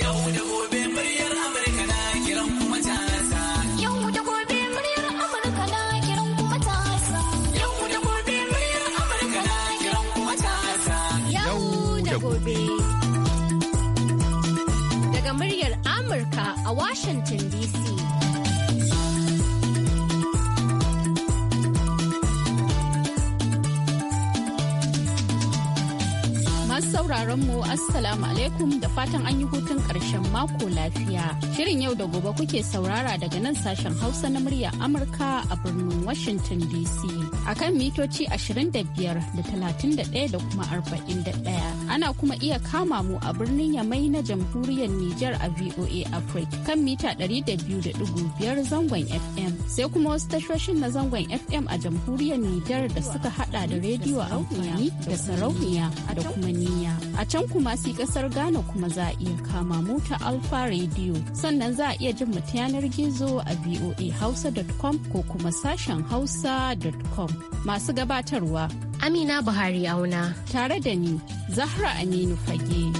Yau da gobe muryar Amurka na kiran kuma ta Yau da gobe muryar Amurka na kiran kuma ta Yau da gobe muryar Amurka na kiran kuma ta Yau da gobe. Daga muryar Amurka a Washington DC. mu Assalamu alaikum da fatan an yi hutun ƙarshen mako lafiya. Shirin yau da gobe kuke saurara daga nan sashen Hausa na murya Amurka a birnin Washington DC. Akan mitoci 25 da 31 da kuma 41. Ana kuma iya kama mu a birnin Yamai na jamhuriyar Nijar a VOA Africa kan mita 200.5 zangon FM. Sai kuma wasu tashoshin na zangon FM a jamhuriyar Nijar da suka hada da rediyo a amfani da sarauniya da kuma niyya. A can kuma si kasar Ghana kuma za a iya kama mu ta Alfa Radio. Sannan za a iya jin mu ta yanar gizo a voahausa.com ko kuma sashen hausa.com. Masu gabatarwa Amina Buhari auna. Tare da ni, Zahra Aminu Fage.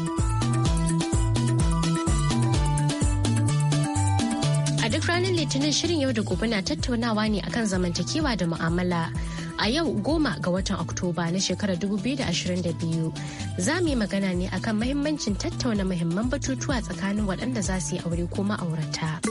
A duk ranar Litinin shirin yau da gobe na tattaunawa ne akan zamantakewa da mu'amala. A yau goma ga watan Oktoba na shekarar 2022 za mu yi magana ne akan mahimmancin tattauna mahimman batutuwa tsakanin waɗanda za su yi aure ko ma'aurata.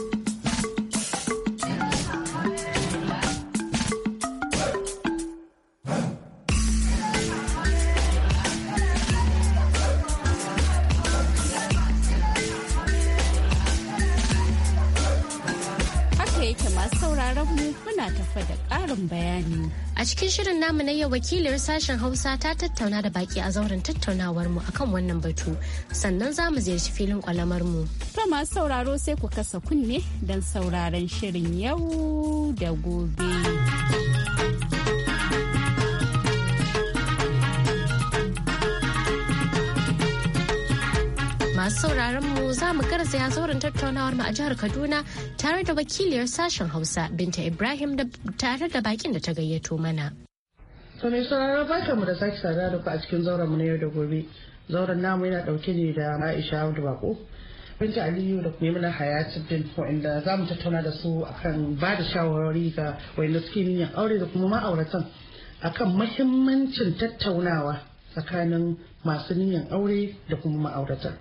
masu sauraron mu muna tafa da ƙarin bayani. A cikin shirin namu na yau wakilin sashen Hausa ta tattauna da baki a zauren tattaunawar mu akan wannan batu sannan za mu ziyarci filin kwalamar mu. To masu sauraro sai ku kasa kunne don sauraron shirin yau da gobe. masu sauraron mu za mu garzaya zauren tattaunawar mu a jihar Kaduna tare da wakiliyar sashen Hausa Binta Ibrahim da tare da bakin da ta gayyato mana. To mai sauraron barkan mu da sake sada da ku a cikin zauren mu na yau da gobe. Zauren namu yana dauke ne da Aisha Abdu Bako. Binta Aliyu da kuma mana Hayatuddin inda za mu tattauna da su akan ba da shawarwari ga wayanda suke niyyar aure da kuma ma'auratan akan mahimmancin tattaunawa tsakanin masu niyyar aure da kuma ma'auratan.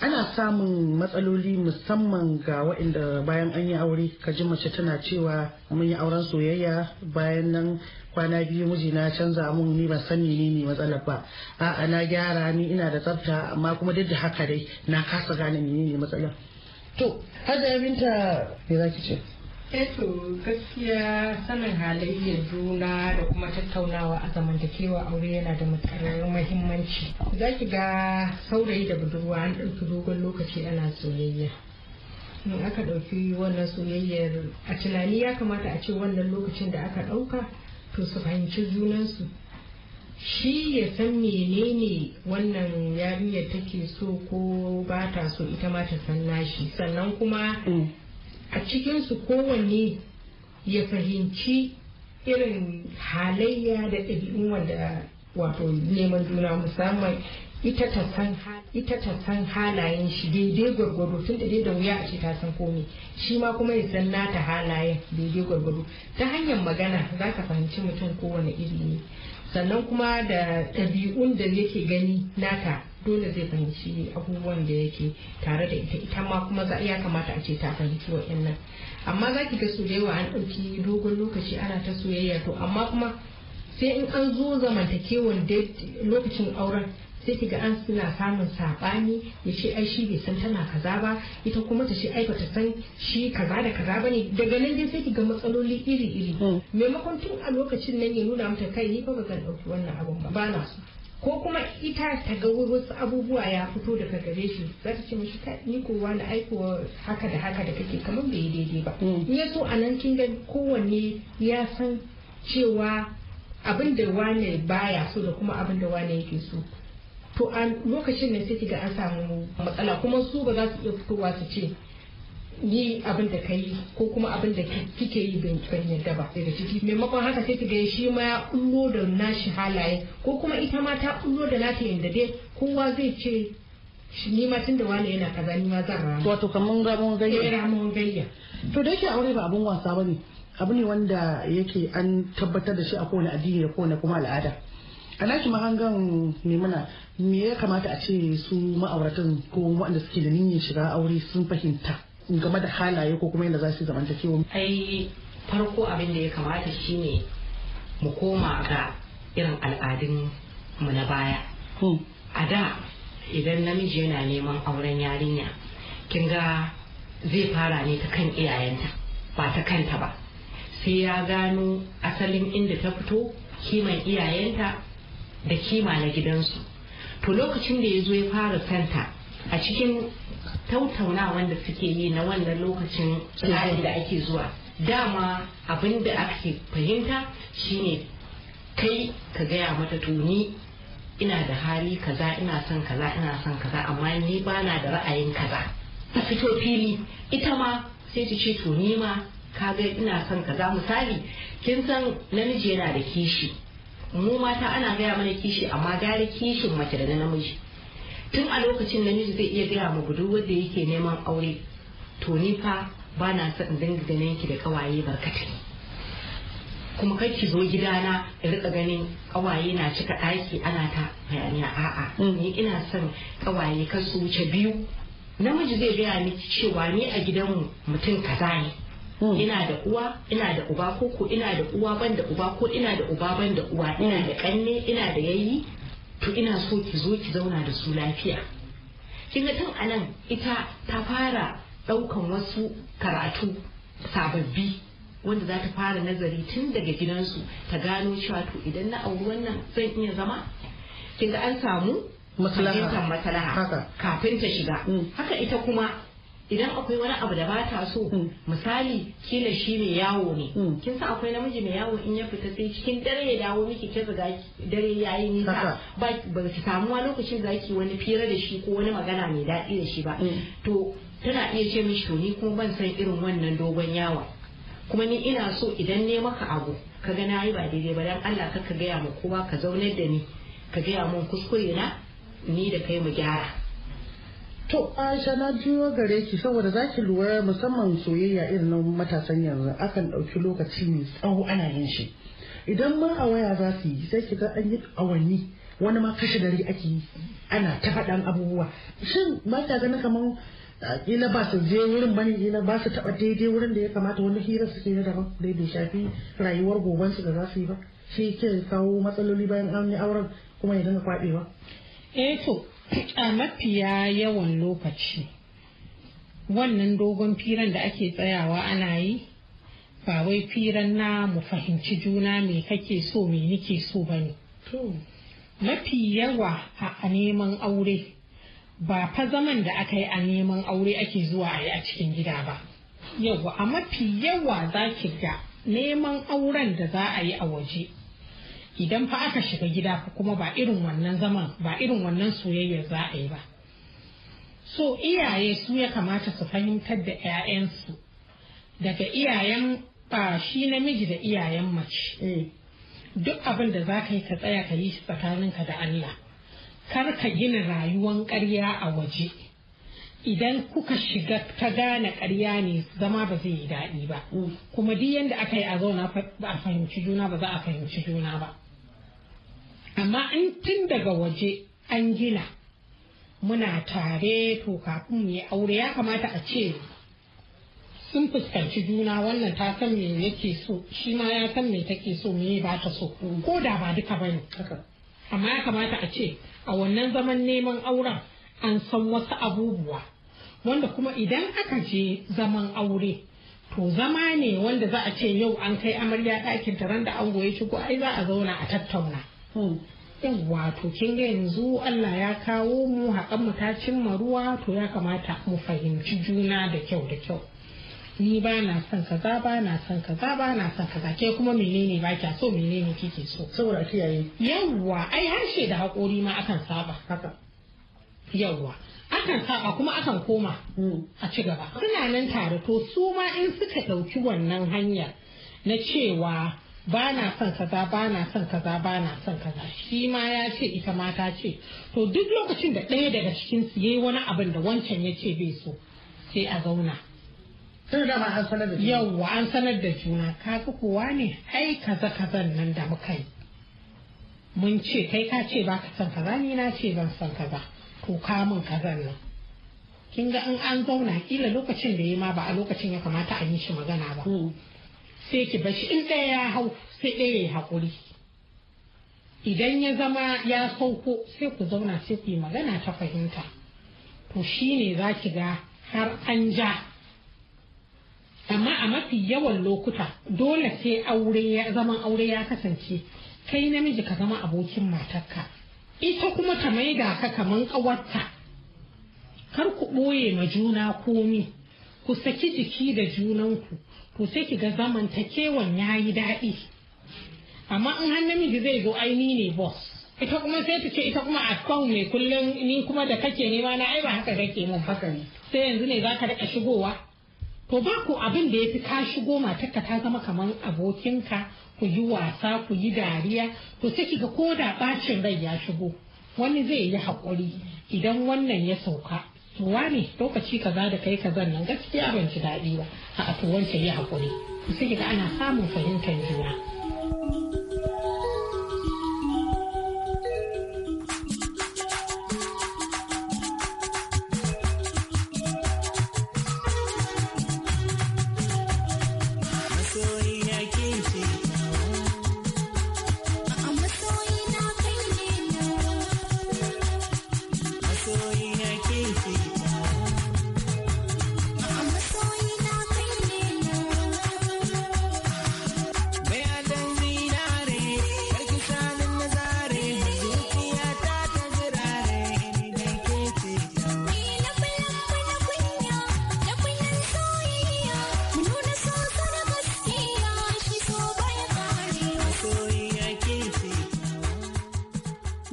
ana samun matsaloli musamman ga waɗanda bayan an yi aure ka ji mace tana cewa mun yi auren soyayya bayan nan kwana biyu miji na canza mun ni ban san ne ne matsalar ba a'a na gyara ni ina da tsafta amma kuma duk da haka dai na kasa gane ne matsalar to hajjabinta me za ki ce eto eh gaskiya sanin halayyar juna da kuma tattaunawa a zamantakewa aure yana da matsalar muhimmanci za ki ga saurayi da budurwa an ɗauki dogon lokaci ana soyayya in aka ɗauki wannan soyayyar a tunani ya kamata a ce wannan lokacin da aka ɗauka to su fahimci junansu shi ya san menene wannan yarinyar take so ko ba ta so ita ma ta san nashi sannan kuma mm. a cikinsu kowanne ya fahimci irin halayya da ɗabi'un wanda wato neman juna musamman ita ta san halayen shi daidai gwargwado tun da da wuya a ce ta san komai shi ma kuma ya san nata halayen daidai gwargwado ta hanyar magana za ka fahimci mutum kowane iri ne sannan kuma da ɗabi'un da yake gani nata dole zai fahimci abubuwan da yake tare da ita ita ma kuma ya kamata a ce ta fahimci waɗannan amma za ki ga su da yawa an ɗauki dogon lokaci ana ta soyayya to amma kuma sai in an zo zamantakewan lokacin auren sai ki ga an suna samun saɓani ya ce ai shi bai san tana kaza ba ita kuma ta ce ai bata san shi kaza da kaza ba ne daga nan dai sai ki ga matsaloli iri iri mm. maimakon tun a lokacin nan ya nuna mata kai ni ba ba zan ɗauki wannan abun ba ba na so ko kuma ita ta ga wasu abubuwa ya fito daga gare shi za ta ce mashi ta ni kowa na aikowa haka da haka da kake kamar bai daidai ba mm. in ya so a nan kin ga kowanne ya san cewa abin da wane baya so da kuma abin da wane yake so to a lokacin ne sai ga an samu matsala kuma su ba za su iya fitowa su ce ni abin da kai ko kuma abin da kike yi ban yadda ba daga ciki maimakon haka sai ki ga shi ma ya kullo da nashi halaye ko kuma ita ma ta kullo da nata yadda dai kowa zai ce shi ni ma da wani yana kaza ni ma zan rama wato ga ramon gayya eh mun gayya to da yake aure ba abun wasa bane abu ne wanda yake an tabbatar da shi a kowane addini da kowane kuma al'ada a naki mahangan maimuna me ya kamata a ce su ma'auratan ko waɗanda suke da niyyar shiga aure sun fahimta game da halaye ko kuma yadda za su zamanta kewa. ai farko abin da ya kamata shi ne mu koma ga irin al'adun mu na baya hmm. a da idan namiji yana neman auren yarinya kin ga zai fara ne ta kan iyayenta ba ta kanta ba sai ya gano asalin inda ta fito kiman iyayenta da kima na gidansu to lokacin da ya zo ya fara santa a cikin tattaunawan da suke yi na wannan lokacin tsarin da ake zuwa dama abin da ake fahimta shine kai ka gaya mata tuni ina da hali kaza ina son kaza ina son kaza amma ni bana da ra'ayin kaza a fito fili ita ma sai ta ce to ma ka ga ina son kaza misali kin san namiji yana da kishi mu mata ana gaya mana kishi amma gare kishin mace da namiji tun a lokacin namiji zai iya gaya ma budurwar da yake neman aure to ni fa ba na son dinga ganin ki da kawaye barkatai kuma kai ki zo gidana in rika ganin kawaye na cika ɗaki ana ta hayaniya a'a mm. ni ina son kawaye kan su wuce biyu namiji zai gaya miki cewa ni a gidanmu mutum kaza ne mm. ina da uwa ina da uba ko ko ina da uwa ban da uba ko ina da uba ban da uwa ina da kanne ina da yayi to ina so ki zo ki zauna da su lafiya kinga tun anan ita ta fara daukan wasu karatu sababbi wanda za ta fara nazari tun daga gidansu ta gano cewa to idan na auri wannan zan iya zama kinga an samu maslaha kafin ta shiga mm. haka ita kuma idan akwai wani abu da ba ta so hmm. misali kila shi mai yawo ne hmm. kin san akwai namiji mai yawo in ya fita sai cikin dare ya dawo miki kin riga dare yayi nisa ba ba ki samu wani lokacin zaki wani fira da shi ko wani magana mai daɗi da shi ba hmm. to tana iya ce mishi to ni kuma ban san irin wannan dogon yawa kuma ni ina so idan ne maka abu ka ga nayi ba daidai ba dan Allah ka gaya ma kowa ka zaunar da ni ka gaya mun kuskure na ni da kai mu gyara To Aisha na jiyo gare ki saboda za ki lura musamman soyayya irin na matasan yanzu akan ɗauki lokaci mai tsawo ana yin shi. Idan ma a waya za su yi sai ki ga an yi awanni wani ma kashe gari ake yi ana ta faɗan abubuwa. Shin ba ta ganin kamar ina ba su je wurin bane ba su taɓa daidai wurin da ya kamata wani hira suke na daban da bai shafi rayuwar su da za su yi ba. Shi ke kawo matsaloli bayan an yi auren kuma ya dinga kwaɓewa. Eh to a mafiya yawan lokaci wannan dogon firan da ake tsayawa ana yi ba wai firan na mu fahimci juna mai kake so me nike so ba ne mafi yawa a neman aure ba fa zaman da aka yi a neman aure ake zuwa a yi a cikin gida ba yawa a mafi yawa za ki ga neman auren da za a yi a waje idan fa aka shiga gida kuma ba irin wannan zaman ba irin wannan soyayya za a yi ba so iyaye su ya kamata su fahimtar da 'ya'yansu daga iyayen ba shi namiji da iyayen mace mm. duk abin da za ka yi ka tsaya ka yi shi tsakaninka da Allah kar ka gina rayuwan karya a waje idan kuka shiga ta gane karya ne zama ba zai yi daɗi ba mm. kuma duk yadda aka yi a zauna a fahimci juna ba za a fahimci juna ba amma in tun daga waje an gina muna tare to kafin mu yi aure ya kamata a ce sun fuskanci juna wannan ta san me yake so shi ma ya san me take so me ba ta so ko da ba duka ba ne amma ya kamata a ce a wannan zaman neman auren an san wasu abubuwa wanda kuma idan aka je zaman aure to zama ne wanda za a ce yau an kai amarya ɗakin taron da an ya shigo ai za a zauna a tattauna to kin ga yanzu Allah ya kawo mu haƙan mu ta cimma ruwa to ya kamata mu fahimci juna da kyau da kyau ni ba na son kaza ba na son kaza ba na son kaza ke kuma menene ba kya so menene kike so saboda kiyaye yawwa ai harshe da haƙori ma akan saba haka yawwa akan saba kuma akan koma hmm. a ci gaba suna nan tare to su ma in suka ɗauki wannan hanyar na cewa ba na son kaza ba na son kaza ba na son kaza shi ma ya ce ita ma ta ce to duk lokacin da ɗaya daga cikin su yayi wani abin da wancan ya ce bai so sai a zauna tun da ma an sanar da juna yawwa an sanar da juna kaga kowa ne ai kaza kazan nan da muka yi mun ce kai ka ce ba ka son kaza ni na ce ban son kaza to ka min kazan nan kin ga in an zauna kila lokacin da ya ma ba a lokacin ya kamata a yi shi magana ba hmm. sai ki bashi in ɗaya ya hau sai ɗaya ya haƙuri idan ya zama ya sauko sai ku zauna sai ku yi magana ta fahimta to shi ne za ki ga har an ja amma a mafi yawan lokuta dole sai aure ya, zaman aure ya kasance kai namiji ka zama abokin matarka ita kuma ta maida ka kaman ƙawarta kar ku ɓoye ma juna komi ku saki jiki da junanku to sai ki ga zamantakewan ya yi daɗi amma in har miji zai zo aini ne boss ita kuma sai ta ce ita kuma a akon ne kullum ni kuma da kake nema na ai ba haka kake mun haka ne sai yanzu ne zaka rika shigowa to ba ku abin da yafi ka shigo matarka ta zama kamar abokinka ku yi wasa ku yi dariya to sai kiga ko da bacin rai ya shigo wani zai yi haƙuri idan wannan ya sauka wani lokaci kaza da kai kaza nan gaskiya ban ci daɗi ba a tuwon wancan yi hakuri sai ana samun fahimtar juna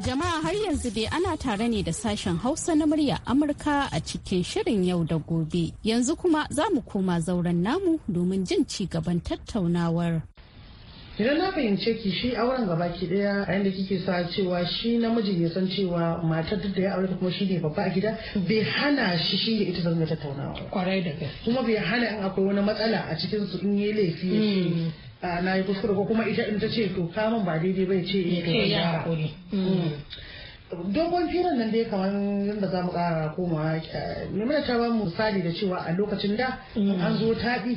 Jama'a har yanzu dai ana tare ne da sashen Hausa na murya Amurka a cikin shirin yau da gobe. Yanzu kuma za mu koma zauren namu domin jin ci gaban tattaunawar. Idan na fahimce ki shi auren gaba ki daya a yadda kike sa cewa shi namijin ya san cewa matar duk da ya aure kuma shi ne babba a gida bai hana shi shi da ita zanga tattaunawa. Kwarai da gaske. Kuma bai hana in akwai wani matsala a cikin su in yi laifi. na yi kuskure ko kuma ita in ta ce to kamun ba daidai bai ce eh to ya hakuri mm. dogon firan nan dai kamar yadda za mu kara koma eh, mai ta ba mu misali da cewa a lokacin da mm. an zo taɗi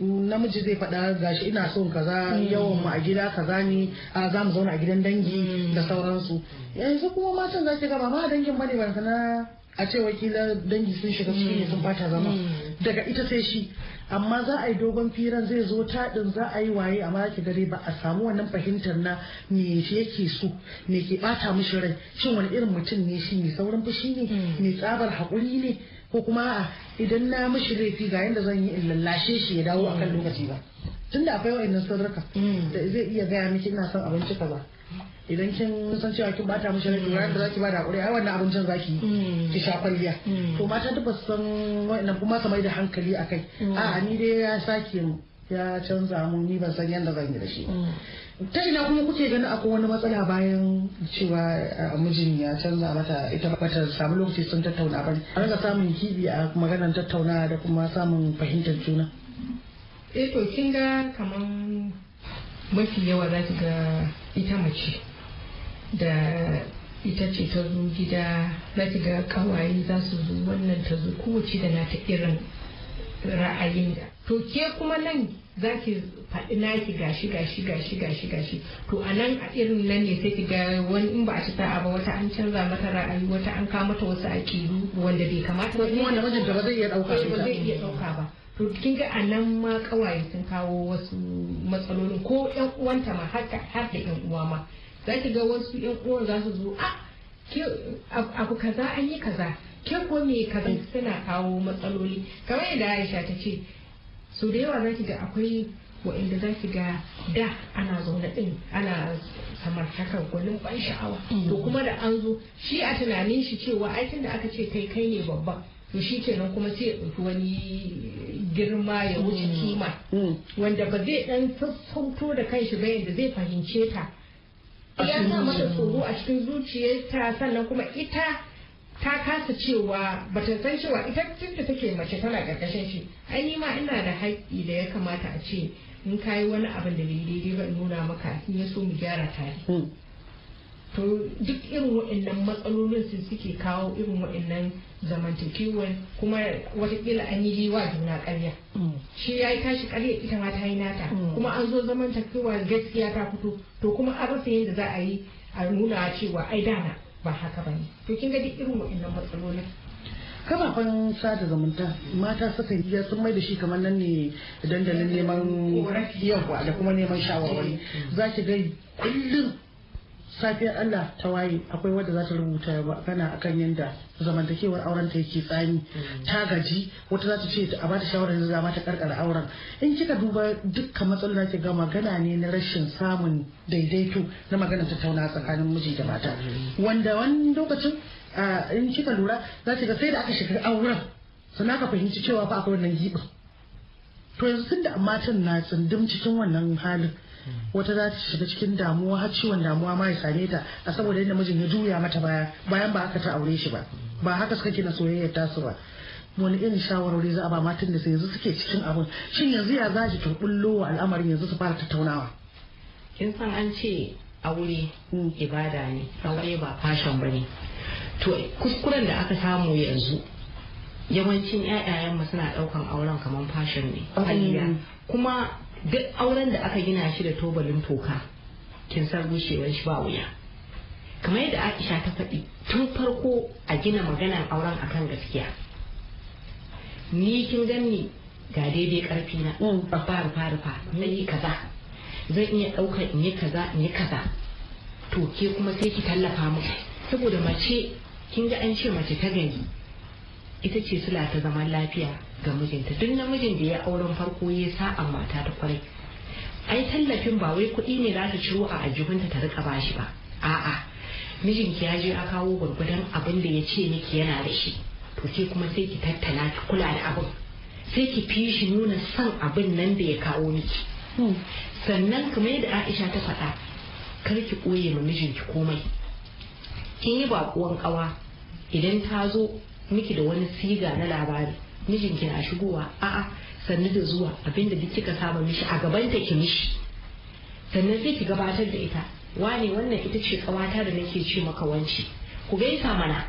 namiji zai faɗa gashi ina son kaza mm. yawan mu a gida kaza ne a za mu zauna a gidan dangi da sauransu yanzu kuma matan za ki ga ba ma dangin bane ba na a ce wakilan dangi sun shiga cikin ne sun bata zama daga ita sai shi amma za a yi dogon firan zai zo taɗin za a yi waye a ki gare ba a samu wannan fahimtar na me yake so me ke bata mishi rai shin wani irin mutum ne shi ne saurin fushi ne mai hmm. tsabar haƙuri ne ko kuma a idan na mishi laifi ga yadda zan yi in lallashe shi ya dawo akan lokaci ba tunda akwai wa'annan sarrafa hmm. da zai iya gaya miki ina son abinci kaza idan kin san cewa kin bata mu rai ranar da zaki bada hakuri ai wannan abincin zaki mm. ki sha kwalliya mm. to mata ta san wannan kuma ka mai da hankali akai a mm. ni dai ya sake mu ya canza mu ni ban san yanda zan yi da shi ta ina kuma kuke gani akwai wani matsala bayan cewa mijin ya canza mata ita bata samu lokaci sun tattauna ba a ranga samun kibi a maganar tattauna da kuma samun fahimtar juna eh to kin ga kaman mafi yawa za ga ita mace da ita ce ta zo gida za ki ga kawaye za su zo wannan ta zo kowace da na ta irin ra'ayin da to ke kuma nan za ki faɗi naki gashi gashi gashi gashi gashi to a nan a irin nan ne sai ki ga wani in ba a ci sa'a ba wata an canza mata ra'ayi wata an kama mata wasu akidu wanda bai kamata ba wanda da ba zai iya ɗauka eh, ba zai iya ɗauka ba to kin ga a nan ma kawaye sun kawo wasu matsaloli ko yan uwanta ma har da yan uwa ma za ki ga wasu yan uwan za su zo a abu kaza an yi kaza ke ko me kaza suna kawo matsaloli kamar yadda Aisha ta ce so da yawa za ki ga akwai wa'inda za ki ga da ana zaune din ana samartakar gwanin ban sha'awa mm. to kuma da an zo shi a tunanin shi cewa aikin da aka ce kai kai ne babban to shi kenan kuma sai wani girma ya wuce mm. kima mm. wanda ba zai ɗan sassauto da kanshi ba yadda zai fahimce ta ya sa mata tsoro a cikin zuciyarta sannan kuma ita ta kasa cewa ba san cewa ita tunda take mace tana karkashin shi ai ma ina da haƙƙi da ya kamata a ce in kayi wani abin da bai daidai ba in nuna maka in ya so mu gyara tare mm. to duk irin waɗannan matsalolin su suke kawo irin waɗannan zamantakewar kuma watakila an yi wa juna karya. Mm. shi ya yi tashi karya ita ma ta yi nata mm. kuma an zo zamantakewa gaskiya ta fito to kuma an rasa yadda za a yi a nuna cewa ai dana ba haka ba ne to kin ga duk irin waɗannan matsalolin kafafen sada zumunta mata suka yi sun mai da shi kamar nan ne dandalin neman yawa da kuma neman shawarwari mm. za ki ga kullum safiyar Allah ta waye akwai wadda za ta rubuta magana akan yadda zamantakewar auren ta yake tsami mm. ta gaji wata za ta ce a bata shawarar da za ta karkara auren in kika duba dukkan matsalolin da ke ga magana ne na rashin samun daidaito na magana tattauna tsakanin miji da mata mm. wanda wani lokacin in kika lura za ta ga sai da aka shiga auren sannan ka fahimci cewa fa akwai wannan gibin to yanzu tunda matan na tsundum cikin wannan halin wata za ta shiga cikin damuwa har ciwon damuwa ma ya same ta a saboda yadda mijin ya juya mata baya bayan ba haka ta aure shi ba ba haka suka gina soyayyar tasu ba wani irin shawarwari za a ba matan da yanzu suke cikin abun shin yanzu ya za ki turbullo wa al'amarin yanzu su fara tattaunawa kin san an ce aure hmm. ibada ne aure ba fashon ba ne to kuskuren da aka samu yanzu yawancin 'ya'yayen mu suna ɗaukan auren kamar fashon ne hmm. kuma duk auren da aka gina shi da tobalin toka kin san gushewar shi ba wuya kamar yadda aisha ta faɗi tun farko a gina maganar auren akan gaskiya ni kin ganni ga daidai karfi na mm. rufa rufa rufa na yi kaza zan iya ɗaukar in yi kaza in yi kaza to ke kuma sai ki tallafa mu saboda mace kin ga an ce mace ta gari ita ce sula ta zaman lafiya ga mijinta duk namijin da ya auren farko ya sa'an mata ta kwarai ai tallafin ba wai kuɗi ne za ta ciro a ajihunta ta rika ba shi ba a'a mijinki ya je a kawo gwargwadon abin da ya ce miki yana da shi to sai kuma sai ki tattala ki kula da abin sai ki fi shi nuna son abin nan da ya kawo miki hmm. sannan kamar yadda Aisha ta faɗa kar ki ɓoye ma mijinki komai kin yi baƙuwan ƙawa idan ta zo miki da wani siga na labari mijinki na shigowa a'a sannu da zuwa abinda duk kika saba mishi a gabanta ki mishi sannan sai ki gabatar da ita wane wannan ita ce kawata da nake ce maka wanci ku gaisa mana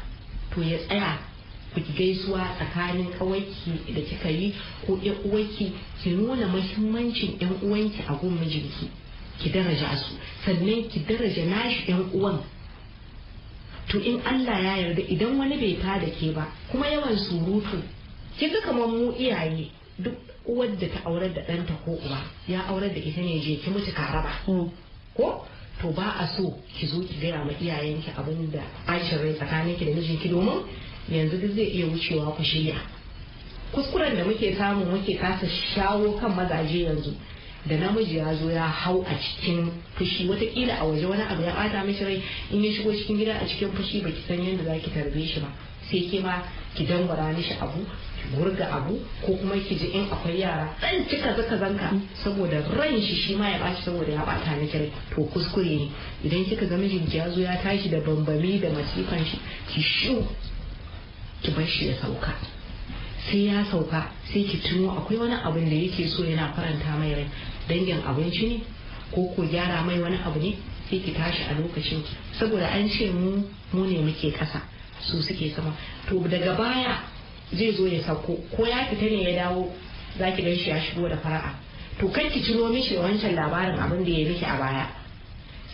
to ya tsaya ku gaisuwa tsakanin kawaiki da kika yi ko ɗan uwanki ki nuna mahimmancin yan uwanki a gun mijinki ki daraja su sannan ki daraja nashi yan uwan to in Allah ya yarda idan wani bai ta da ke ba kuma yawan surutu kin ga kamar mu iyaye duk uwar da ta aurar da ɗanta ko uwa ya aurar da ita ne je ki mutu karaba hmm. ko to ba a so ki zo ki gaya ma iyayenki abin da aishin rai tsakanin ki da mijinki domin yanzu duk zai iya wucewa ku shirya kuskuren da muke samu muke kasa shawo kan mazaje yanzu da namiji ya zo ya hau a cikin fushi watakila a waje wani abu ya bata mishi rai in ya shigo cikin gida a cikin fushi ba ki san yadda za ki tarbe shi ba sai ke ma ki dangwara mishi abu ki gurga abu ko kuma ki ji in akwai yara dan cika zaka zanka saboda ran shi shi ma ya bashi saboda ya bata miki rai to kuskure ne idan kika ga mijinki ya zo ya tashi da bambami da masifan shi ki shu ki bar shi ya sauka sai ya sauka sai ki tuno akwai wani abin da yake so yana faranta mai rai dangin abinci ne ko ko gyara mai wani abu ne sai ki tashi a lokacin saboda an ce mu mu ne muke kasa su suke sama to daga baya zai zo ya sauko ko ya fita ne ya dawo za ki gan shi ya shigo da fara'a to kar ki ciro mishi wancan labarin abin da ya miki a baya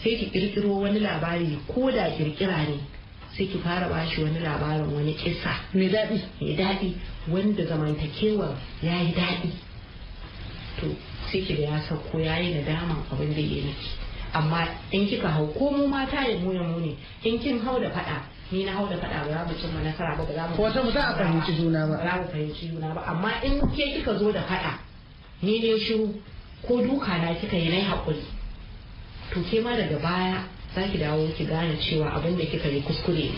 sai ki kirkiro wani labari ko da kirkira ne sai ki fara bashi wani labarin wani kisa mai daɗi mai daɗi wanda zamantakewa ya yi daɗi to sai ki da ya sauko ya yi nadama abin da ya miki amma in kika hau ko mu mata ya mu muni ne in kin hau da faɗa ni na hau da faɗa ba za mu cimma nasara ba ba za mu wata mu za a fahimci juna ba za mu fahimci juna ba amma in ke kika zo da faɗa ni ne shiru ko duka na kika yi nai haƙuri to ke ma daga baya za ki dawo ki gane cewa abin da kika yi kuskure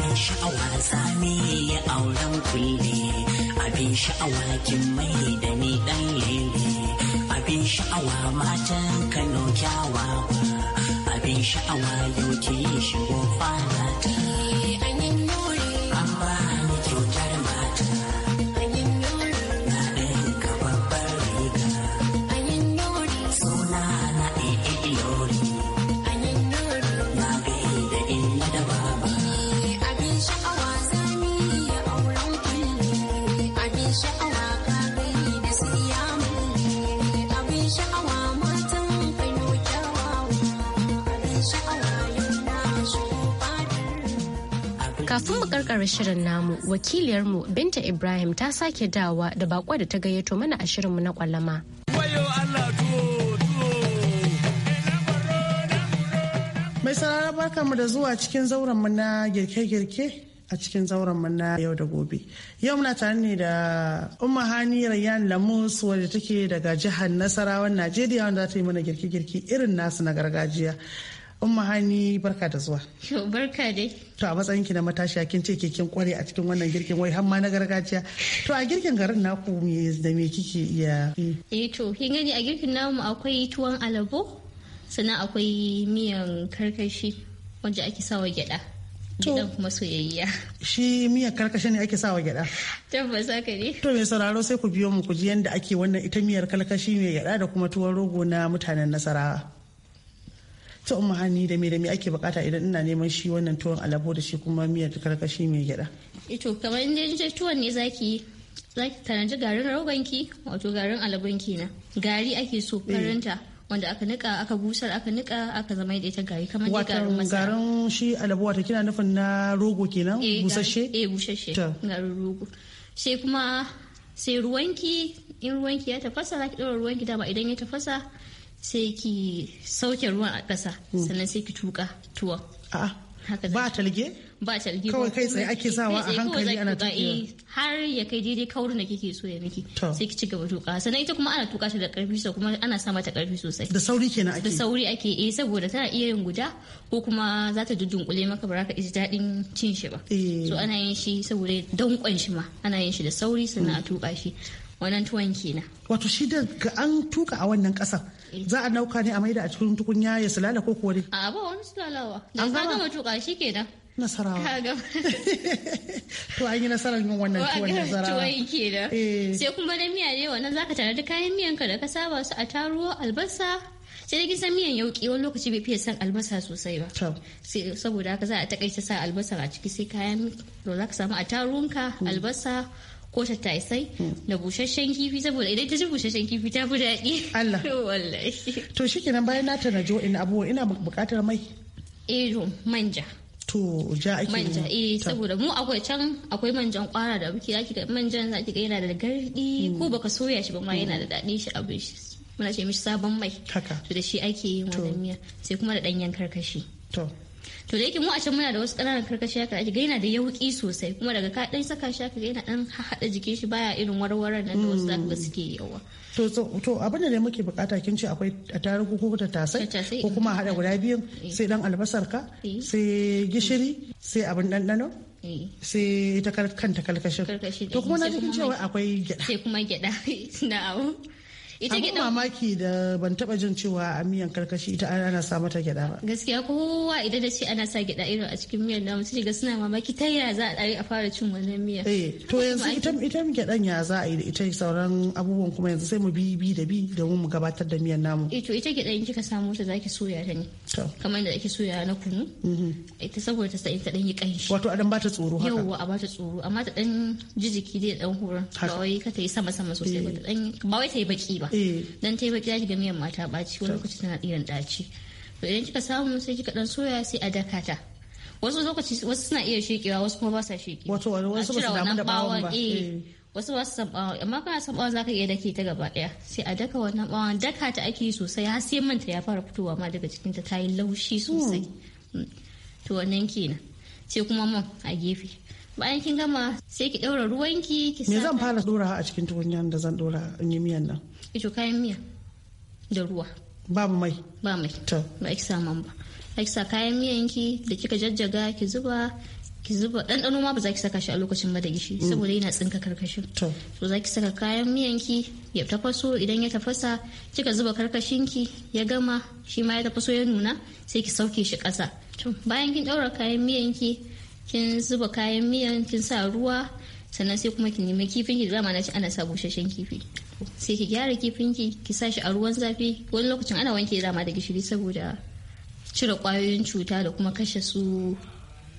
ne sha'awa zame ya auren kulle abin sha'awa kin 沙娃又几续播放。Kafin mu karkara shirin namu, wakiliyarmu Binta Ibrahim ta sake dawa da bakwa da ta gayyato mana a mu na kwalama. Mai sarara mu da zuwa cikin zaurenmu na girke-girke a cikin zaurenmu na yau da gobe. Yau muna tare ne da Umma Hani rayan Lamus wadda take daga jihar Nasarawan Najeriya wanda za ta yi mana girke-girke irin nasu na gargajiya. Umma Hani barka da zuwa. Barka dai. To a matsayin ki na matashiya kin ce ke kin kware a cikin wannan girkin wai har ma na gargajiya. To a girkin garin naku me da me kike iya? Eh to kin gani a girkin namu akwai tuwon alabo sannan akwai miyan karkashi wanda ake sawa gyada. Gidan kuma soyayya. Shi miyan karkashi ne ake sawa gyada. Tabbas haka ne. To me sauraro sai ku biyo mu ku ji yanda ake wannan ita miyar karkashi mai gyada da kuma tuwon rogo na mutanen Nasarawa. ta umma hannu da me da me ake bukata idan ina neman shi wannan tuwon alabo da shi kuma miyar karkashi mai gyada ito kamar in dai tuwon ne zaki zaki tanaji garin rogonki wato garin alabonki na gari ake so karanta eh. wanda aka nika aka busar aka nika aka zama da ita gari kamar da garin masara garin shi alabo wata kina nufin na rogo kenan eh, busasshe eh busasshe garin rogo sai kuma sai ruwanki in ruwanki ya tafasa zaki ɗora ruwanki dama idan ya tafasa sai ki sauke ruwan a ƙasa mm. sannan sai ki tuka tuwon ba talge ba talge kawai kai tsaye ake sawa a hankali ana tuka eh, har ya kai daidai kaurin da kike so ya miki sai ki ci gaba tuka sannan ita kuma ana tuka ta da karfi so kuma ana sa mata karfi sosai da sauri kenan ake da sauri ake eh saboda tana iya yin guda ko kuma za ta dudunkule maka ka ji daɗin cin shi ba eh. so ana yin shi saboda dankon shi ma ana yin shi da sauri sannan a mm. tuka shi wannan tuwon kenan wato shi da an tuka a wannan ƙasa eh. za a nauka ne a maida a cikin tukunya ya sulala ko kuwa ne a ba wani sulalawa da ka gama tuka shi kenan nasarawa Ka to an yi nasarar yin wannan tuwon nasarawa tuwon kenan eh. sai kuma da miya ne wannan zaka tare da kayan miyanka da ka saba su a taruwa albasa sai dai san miyan yauki wani lokaci bai fiye son albasa sosai ba Sai saboda haka za a taƙaita sa albasa a ciki sai kayan za ka samu a tarunka hmm. albasa ko ta taisai hmm. da busasshen kifi saboda idan ta ci busasshen kifi ta fi daɗi. Allah. Wallahi. To shikenan bayan na tana jo in abu ina buƙatar mai. Eh manja. To ja ake manja eh saboda mu akwai can akwai manjan kwara da muke zaki da manjan zaki ga yana da gardi hmm. ko baka soya shi ba ma yana da daɗi shi abin shi. Muna ce mishi sabon mai. Haka. To da shi ake yin wannan miya sai kuma da ɗanyen karkashi. To. to da yake mu a can muna da wasu ƙananan karkashi haka ake gaina da yauƙi sosai kuma daga ka dan saka shi haka yana dan haɗa jikin shi baya irin warwaran nan da wasu zaka ga suke yawa to to abin da muke bukata kin ce akwai tarugu ko tasai ko kuma haɗa guda biyun eh. sai dan albasar ka eh. sai gishiri sai abin ɗanɗano eh. sai ita kanta kalkashin to kuma na cikin cewa akwai gyaɗa. sai kuma gyada na'am ita gida mamaki da ban taba jin cewa a miyan karkashi ita ana sa mata gida ba gaskiya kowa idan da ce ana sa gida irin a cikin miyan namu sai ga suna mamaki ta yaya za a a fara cin wannan miya eh to yanzu ita ita gidan ya za a yi ita sauran abubuwan kuma yanzu sai mu bi bi da bi domin mu gabatar da miyan namu eh to ita gidan kika samu ta zaki soya ta ne kamar da ake soya na kunu mm-hmm. ita saboda ta sa'in ta dan yi kanshi wato adam bata tsoro haka yawwa a bata tsoro amma ta dan jijiki dai dan hura. ba wai ka ta yi sama sama sosai ba ta dan ba wai ta yi baki ba dan eh. ta yi baki zaki ga miyan mata baci wani lokaci tana tsiran daci to idan kika samu sai kika dan soya sai a daka ta wasu lokaci wasu suna iya shekewa wasu kuma ba sa shekewa wato wasu ba su damu da bawon ba eh. Eh. wasu ba su san bawon amma kana san za zaka iya dake ta gaba daya sai a daka wannan bawan daka ta ake sosai har sai manta ya fara fitowa ma daga cikin ta tayi laushi sosai hmm. Hmm. to wannan kenan sai kuma mun a gefe bayan kin gama sai ki daura ruwanki ki me zan fara dora a cikin tukunyar da zan dora in yi miyan nan eh to kayan miya da ruwa ba mai ba mai to ba ki sa man ba ki sa kayan miyanki da kika jajjaga ki zuba ki zuba ɗanɗano ma ba za ki saka shi a lokacin ba da gishi mm. saboda yana tsinka karkashin to za ki saka kayan miyanki ya tafaso idan ya tafasa kika zuba karkashin ki ya gama shi ma ya tafaso ya nuna sai ki sauke shi ƙasa bayan kin ɗaura kayan miyanki kin zuba kayan miyan kin sa ruwa sannan sai kuma ki nemi kifin ki da zama na ci ana sa busasshen kifi sai ki gyara kifin ki ki sa shi a ruwan zafi wani lokacin ana wanke dama da gishiri saboda cire kwayoyin cuta da kuma kashe su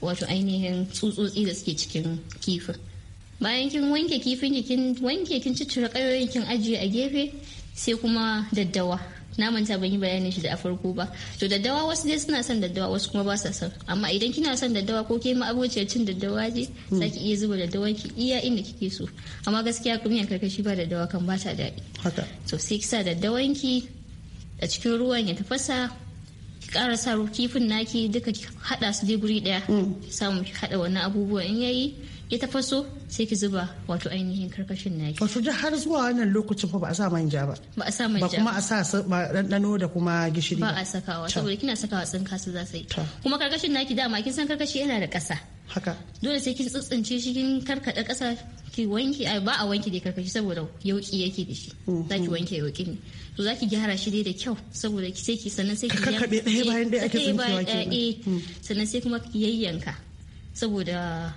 wato ainihin tsutsotsi da suke cikin kifin bayan kin wanke kifin kin wanke kin ciccire kin ajiye a gefe sai kuma daddawa na manta ban yi bayanin shi da a farko ba to daddawa wasu dai suna son daddawa wasu kuma ba sa son amma idan kina son daddawa ko ke ma'abociyar cin daddawa je hmm. zaki iya zuba daddawa ki iya inda kike so amma gaskiya kumiyan karkashi ba daddawa kan ba ta daɗi haka so sai ki sa daddawan ki a cikin ruwan ya tafasa kara kifin naki duka ki haɗa su dai guri ɗaya mm. samu ki haɗa wannan abubuwan in yayi ya tafaso sai ki zuba wato ainihin karkashin naki wato da har zuwa wannan lokacin ba a sa manja ba ba a sa manja ba kuma a sa ɗanɗano da kuma gishiri ba a sakawa saboda kina sakawa tsin su za su yi kuma karkashin naki dama kin san karkashi yana da ƙasa haka dole sai kin tsitsince shi kin karkaɗa ƙasa ki wanke ai ba a wanke da karkashi saboda yauki yake da shi mm-hmm. za ki wanke yauki ne to za ki gyara shi dai da kyau saboda ki sai ki sannan sai ki karkabe ɗaya bayan ɗaya ake eh, tsinkewa ke eh. mm. sannan sai kuma ki yayyanka saboda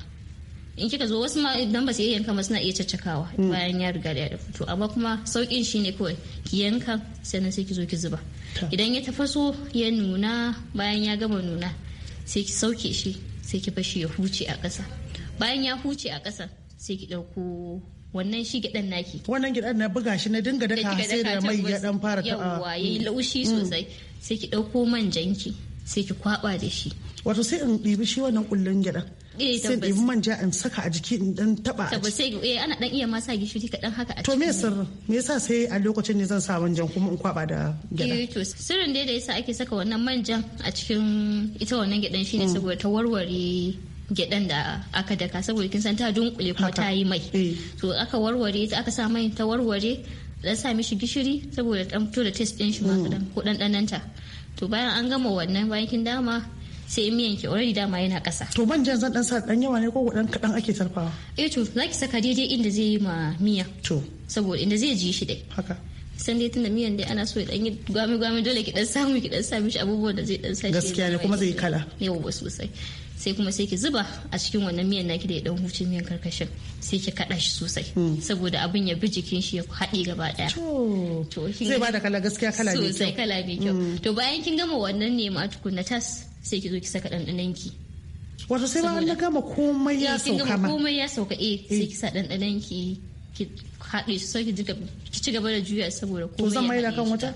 in kika zo wasu ma idan ba su iya yanka ba suna iya caccakawa hmm. bayan ya riga da ya to amma kuma saukin shi ne kawai ki yanka sannan sai ki zo ki zuba idan ya tafaso ya nuna bayan ya gama nuna sai ki sauke shi sai ki fashi ya huce a ƙasa bayan ya huce a ƙasa sai ki ɗauko wannan shi gidan naki wannan gidan na buga shi na dinga daka sai da mai ya dan fara ta yawa yayi hmm. laushi hmm. sosai sai ki ɗauko manjanki sai ki kwaba da shi wato sai in ɗibi shi wannan kullun gidan Eh, sai da yi manja in saka a jiki in dan taba a ciki. Eh, ana dan iya masa gishiri kaɗan haka a ciki. To me sirrin? Me yasa sai a lokacin ne zan sa manjan kuma in kwaba da gyaɗa? Eh, to sirrin dai da yasa ake saka wannan manjan a cikin ita wannan gyaɗan shine mm. saboda ta warware gyaɗan da aka daka saboda kin san ta dunkule kuma ta yi mai. To aka warware ta aka sa mai ta warware dan sa mishi gishiri saboda dan fito da taste din shi ma mm. ko dan dananta. To bayan an gama wannan bayan kin dama sai in miyan ki already dama yana kasa to jan zan dan sa dan yawa ne ko dan kadan ake tarfawa eh to zaki saka daidai inda zai yi ma miya to saboda inda zai ji shi dai haka san dai tunda miyan dai ana so ya dan yi gwami gwami dole ki dan samu ki dan samu shi abubuwan da zai dan sa gaskiya ne kuma zai kala yawa sosai sai kuma sai ki zuba a cikin wannan miyan naki da ya dan huce miyan karkashin sai ki kada shi sosai hmm. saboda abin ya bi jikin shi ya haɗe gaba daya to zai bada kala gaskiya kala ne sosai kala ne kyau hmm. to bayan kin gama wannan ne ma tukunna tas sai ki zo ki saka ɗanɗanon ki wato sai ba na gama komai ya eh, sauka ma komai ya sauka eh sai eh. ki sa ɗanɗanon ki ki haɗe su sai ki ci gaba da juya saboda komai to zan mai da kan wuta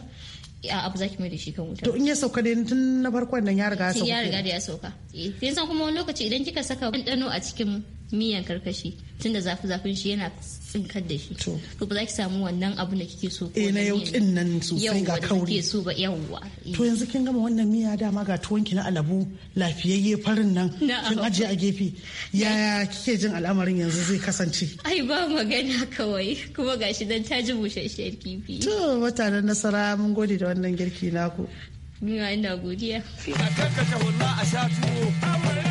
a abu zaki mai da shi kan wuta to in ya sauka dai tun na farkon nan ya riga ya sauka ya riga da ya sauka eh sai kuma wani lokaci idan kika saka ɗanɗano a cikin miyan karkashi tunda zafi zafin shi yana tsinkar da shi to ba za ki samu wannan abu da kike so eh na yau kin nan sosai ga kauri so ba yawwa to yanzu kin gama wannan miya dama ga tuwon ki na alabu lafiyayye farin nan kin aje a gefe yaya kike jin al'amarin yanzu zai kasance ai ba magana kawai kuma gashi dan ta ji bushasshiyar kifi to mutanen nasara mun gode da wannan girki naku Ni ina godiya. A kanka a sha tuwo.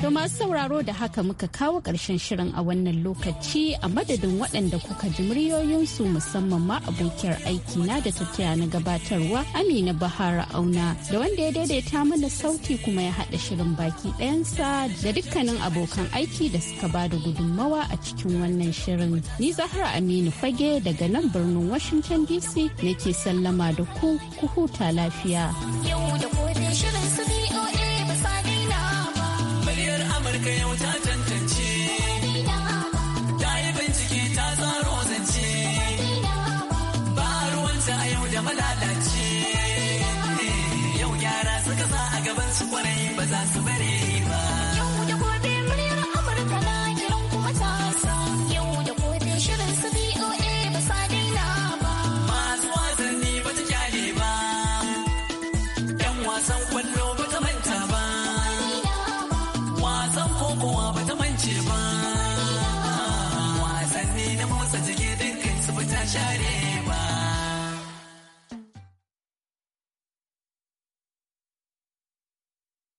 To masu sauraro da haka muka kawo ƙarshen shirin a wannan lokaci a madadin waɗanda kuka ji muryoyinsu musamman ma abokiyar aiki na da tattaya na gabatarwa Amina Bahara Auna da wanda ya daidaita mana sauti kuma ya haɗa shirin baki ɗayansa da dukkanin abokan aiki da suka ba da gudunmawa a cikin wannan shirin. Ni Zahra Aminu Fage daga nan birnin Washington DC nake sallama da ku ku huta lafiya. Yau da ka yau ta tantance ta yi bincike ta tsaro zance ba a ruwanta a yau da malalace eh, yau gyara suka sa a gaban su kwarai ba za su bare ba